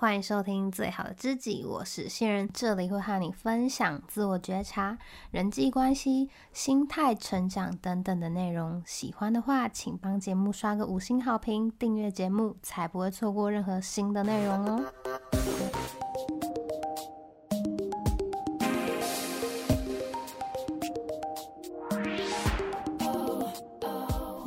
歡迎收聽《最好的知己》，我是新人，這裡會和你分享自我覺察、人際關係、心態、成長等等的內容。喜歡的話，請幫節目刷個五星好評，訂閱節目才不會錯過任何新的內容哦。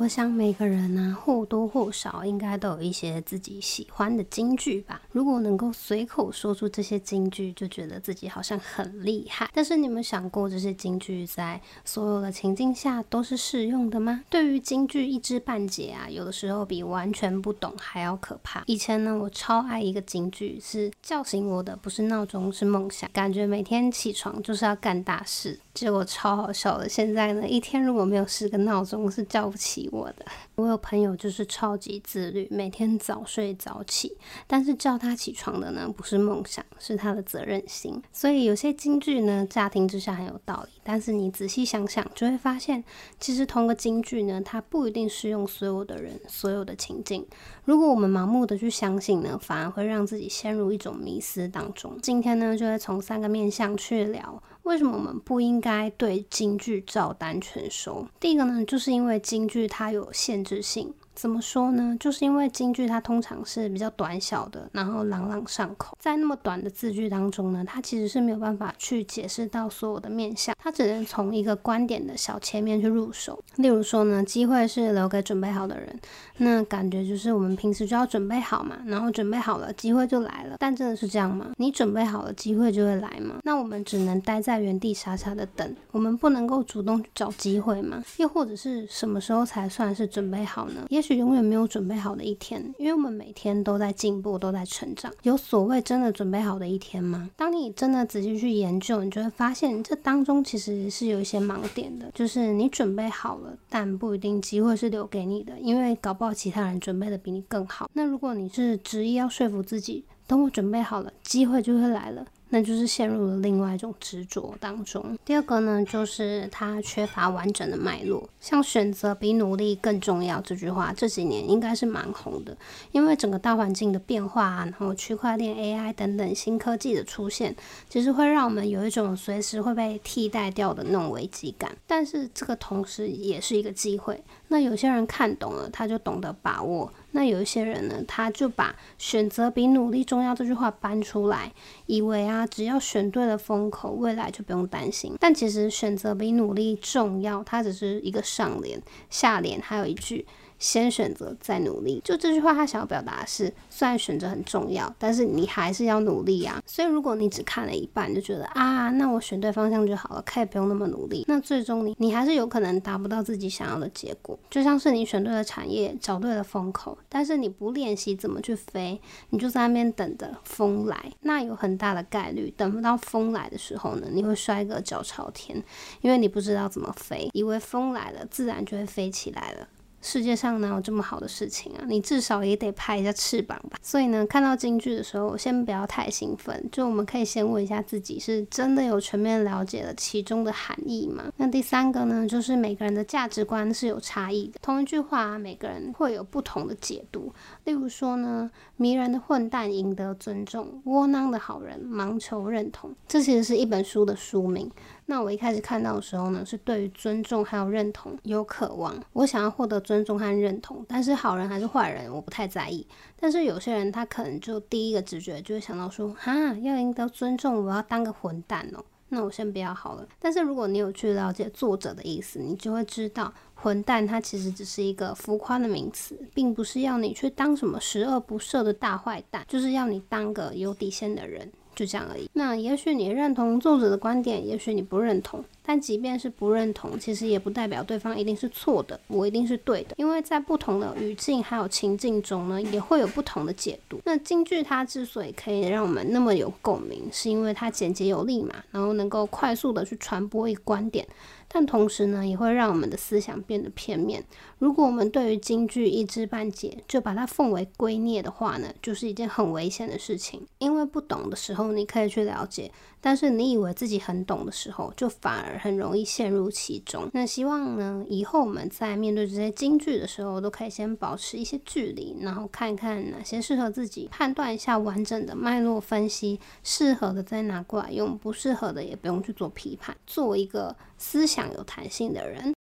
我想每個人呢、啊，或多或少應該都有一些自己喜歡的金句吧。如果能夠隨口說出這些金句，就覺得自己好像很厲害。但是你們想過這些金句在所有的情境下都是適用的嗎？對於金句一知半解啊，有的時候比完全不懂還要可怕。以前呢，我超愛一個金句，是叫醒我的，不是鬧鐘，是夢想。感覺每天起床就是要幹大事，結果超好笑的。現在呢，一天如果沒有十個鬧鐘，是叫不起我的。我有朋友就是超級自律，每天早睡早起，但是叫。他起床的呢，不是夢想，是他的責任心。所以有些金句呢，乍聽之下，很有道理，但是你仔細想想，就會發現，其實同個金句呢，它不一定適用所有的人，所有的情境。如果我們盲目的去相信呢，反而會讓自己陷入一種迷思當中。今天呢，就會從三個面向去聊，為什麼我們不應該對金句照單全收。第一個呢，就是因為金句它有限制性。怎麼說呢？就是因為金句它通常是比較短小的，然後朗朗上口。在那麼短的字句當中呢，它其實是沒有辦法去解釋到所有的面向，它只能從一個觀點的小切面去入手。例如說呢，機會是留給準備好的人，那感覺就是我們平時就要準備好嘛，然後準備好了，機會就來了。但真的是這樣嗎？你準備好了，機會就會來嗎？那我們只能待在原地傻傻的等，我們不能夠主動去找機會嗎？又或者是什麼時候才算是準備好呢？也許永遠沒有準備好的一天，因為我們每天都在進步，都在成長。有所謂真的準備好的一天嗎？當你真的仔細去研究，你就會發現，這當中其實是有一些盲點的。就是你準備好了，但不一定機會是留給你的，因為搞不好其他人準備的比你更好。那如果你是執意要說服自己，等我準備好了，機會就會來了。那就是陷入了另外一種執着當中。第二個呢，就是它缺乏完整的脈絡。像“選擇比努力更重要”這句話，這幾年應該是蠻紅的，因為整個大環境的變化啊，然後區塊鏈、AI 等等新科技的出現，其實會讓我們有一種隨時會被替代掉的那種危機感。但是這個同時也是一個機會。那有些人看懂了，他就懂得把握；那有一些人呢，他就把“選擇比努力重要”這句話搬出來，以為啊，只要選對了風口，未來就不用擔心。但其實，“選擇比努力重要”，它只是一個上聯，下聯還有一句。先選擇，再努力。就這句話，他想要表達的是：雖然選擇很重要，但是你還是要努力啊。所以，如果你只看了一半就覺得啊，那我選對方向就好了，可以不用那麼努力，那最終你你還是有可能達不到自己想要的結果。就像是你選對了產業，找對了風口，但是你不練習怎麼去飛，你就在那邊等着風來，那有很大的概率，等不到風來的時候呢，你會摔個腳朝天，因為你不知道怎麼飛，以為風來了，自然就會飛起來了。世界上哪有這麼好的事情啊？你至少也得拍一下翅膀吧。所以呢，看到金句的時候，先不要太興奮。就我們可以先問一下自己，是真的有全面了解了其中的含義嗎？那第三個呢，就是每個人的價值觀是有差異的，同一句話啊，每個人會有不同的解讀。例如說呢，迷人的混蛋贏得尊重，窩囊的好人盲求認同。這其實是一本書的書名。那我一開始看到的時候呢，是對於尊重還有認同有渴望。我想要獲得尊重和認同，但是好人還是壞人，我不太在意。但是有些人他可能就第一個直覺就會想到說，哈、啊，要贏得尊重，我要當個混蛋哦。那我先不要好了。但是如果你有去了解作者的意思，你就會知道“混蛋”它其實只是一個浮誇的名詞，並不是要你去當什麼十惡不赦的大壞蛋，就是要你當個有底線的人，就這樣而已。那也許你認同作者的觀點，也許你不認同。但即便是不認同，其實也不代表對方一定是錯的，我一定是對的。因為在不同的語境還有情境中呢，也會有不同的解讀。那金句它之所以可以讓我們那麼有共鳴，是因為它簡潔有力嘛，然後能夠快速的去傳播一個觀點。但同時呢，也會讓我們的思想變得片面。如果我們對於金句一知半解，就把它奉為圭臬的話呢，就是一件很危險的事情。因為不懂的時候你可以去了解，但是你以為自己很懂的時候，就反而。很容易陷入其中。那希望呢，以後我們在面對這些金句的時候，都可以先保持一些距離，然後看看哪些適合自己，判斷一下完整的脈絡分析，適合的再拿過來用，不適合的也不用去做批判，作為一個思想有彈性的人。